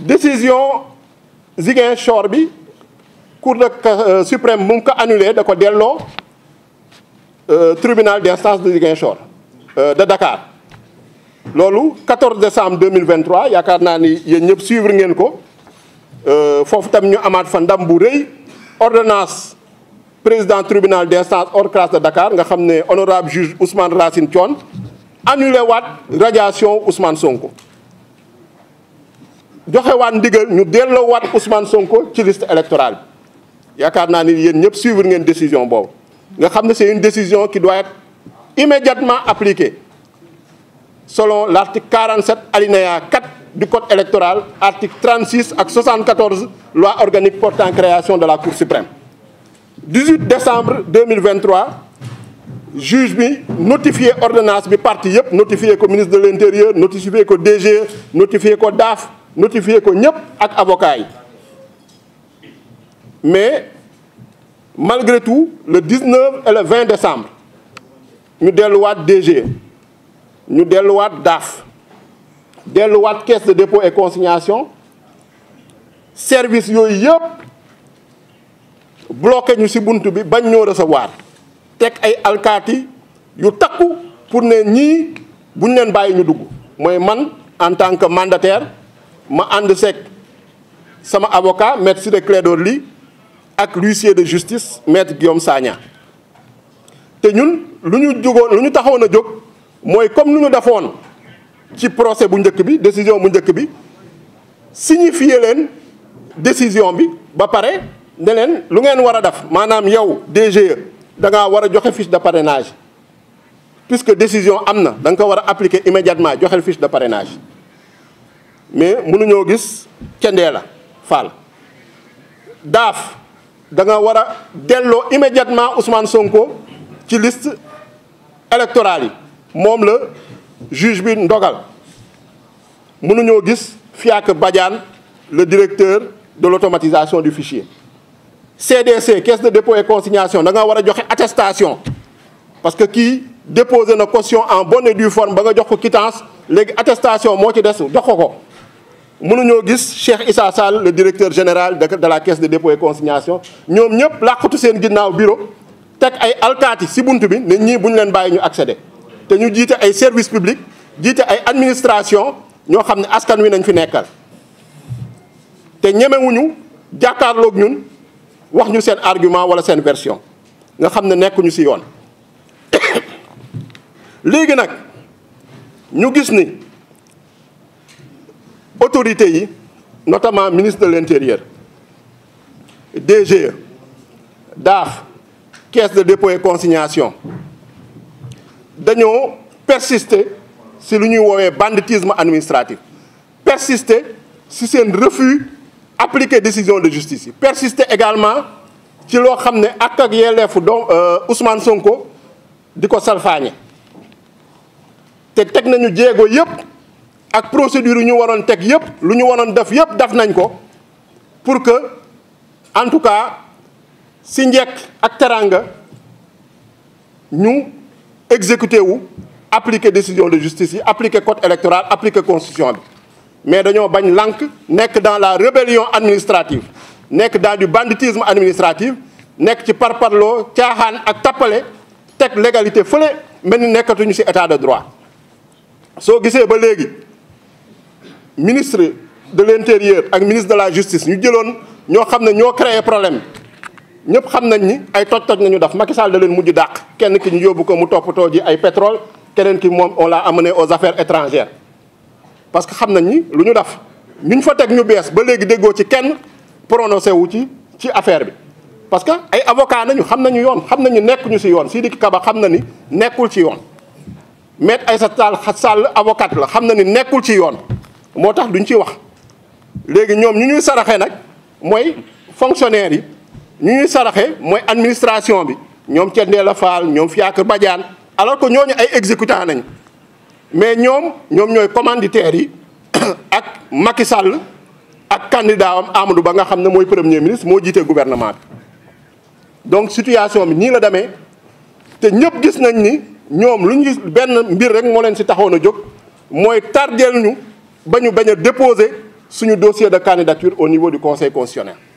décision Ziguinchor bi cour de euh, suprême mu ko annulé da ko delloo euh, tribunal d'instance de Ziguinchor euh, de Dakar loolu 14 décembre 2023 yaakaar naa ni yéen ñëpp suivre ngeen ko foofu tam ñu amaat fa ndam bu rëy ordonnance président tribunal d'instance hors classe de Dakar nga xam ne honorable juge Ousmane Racine Thion annulé waat radiation Ousmane Sonko. joxewaat ndigal ñu delloowaat Ousmane Sonko ci list électorale yaakaar naa ni yéen ñëpp suivre ngeen décision boobu nga xam ne c'est une décision qui doit être immédiatement appliquée selon l'article 47 alinéa 4 du code électoral article 36 ak 74 loi organique portant création de la Cour suprême 18 décembre 2023 juge bi notifié ordinance bi parti yëpp notifie ko ministre de l'intérieur notifié ko DG e, notifié ko DAF notifié ko ñëpp ak avocat yi mais malgré tout le 19 et le 20 décembre ñu delluwaat DG ñu delluwaat DAF delluwaat caisse de dépôt et consignation service yooyu yëpp bloqué ñu ci bunt bi bañ ñoo recevoir teg ay alkaati yu takku pour ne ñii buñ leen bàyyi ñu dugg mooy man en tant que mandataire ma ànd seeg sama avocat maître Ciré Clédor li ak l'huissier de justice maître Guillaume Sagna te ñun lu ñu jógoon lu ñu taxawoon a jóg mooy comme lu ñu defoon ci procès bu njëkk bi décision bu njëkk bi signifier leen décision bi ba pare ne leen lu ngeen war a def maanaam yow DGE da ngaa war a joxe fiche de parrainage puisque décision am na da nga ko war a appliquer immédiatement joxel fiche de parrainage mais mënuñoo gis cendee la faal daaf da nga war a delloo immédiatement Ousmane Sonko ci list électorale yi moom la juge bi ndogal mënuñoo gis Fiacre Badiane le directeur de l'automatisation du fichier CDC caisse de dépôt et consignation da nga war a joxe attestation parce que kii déposé na caution en bonne et due forme ba nga jox ko quittance léegi attestation moo ci des jox ko mënuñoo gis Cheikh Issa Sall le directeur général de la caisse de dépôt et consignation ñoom ñëpp làqatu seen ginnaaw bureau teg ay alkaati si bunt bi ne ñii bu leen bàyyi ñu accéder te ñu jiite ay service public jiite ay administration ñoo xam ne askan wi nañ fi nekkal te ñemewuñu jàkkaarloog ñun wax ñu seen argument wala seen version nga xam ne nekkuñu si yoon léegi nag ñu gis ni autorités yi notamment ministre de l'intérieur DGE daax caisse de dépôt et consignation dañoo persister si lu ñuy woowee banditisme administratif persister si seen refus appliquer décision de justice yi persister également ci loo xam ne ak ak yelleefu doom euh, Ousmane Sonko di ko salfaañe te teg nañu jéego yépp ak procédure ñu waroon teg yëpp lu ñu waroon def yëpp def nañ ko pour que en tout cas si njekk ak teranga ñu exécuter wu appliquer décision de justice yi appliquer code électoral appliquer constitution bi mais dañoo bañ lànk nekk dans la rébellion administrative nekk dans du banditisme administratif nekk ci par parparloo caaxaan ak tappale teg légalité fële mel ni nekkatuñu ci état de droit soo gisee ba léegi ministre de l'intérieur ak ministre de la justice ñu jëloon ñoo xam ne ñoo créé problème ñëpp xam nañ ni ay toj-toj nañu daf Macky Sall da leen mujj dàq kenn ki ñu yóbbu ko mu toppatoo ji ay pétrole keneen ki moom on l'a amené aux affaires étrangères parce que xam nañ ñi lu ñu daf ñu fa teg ñu bees ba léegi déggoo ci kenn prononcé wu ci ci affaire bi parce que ay avocat nañu xam nañu yoon xam nañu nekkuñu ci yoon Sidiki Kaba xam na ni nekkul ci yoon Maître Aïssata Tall Sall la xam na ni nekkul ci yoon moo tax duñ ci wax léegi ñoom ñu ñuy saraxe nag mooy fonctionnaire yi ñu ñuy saraxe mooy administration bi ñoom Thiendella la Fall ñoom Fiacre Badiane alors ñoo ñu ay exécutant nañ mais ñoom ñoom ñooy commanditaires yi ak Macky Sall ak candidat am Amadou Ba nga xam ne mooy premier ministre moo jiite gouvernement bi donc situation bi ñii la demee te ñëpp gis nañ ni ñoom lu ñu benn mbir rek moo leen si taxoon a jóg mooy tardeel ñu bañu ñu bañ a déposer suñu dossier de candidature au niveau du conseil constitutionnel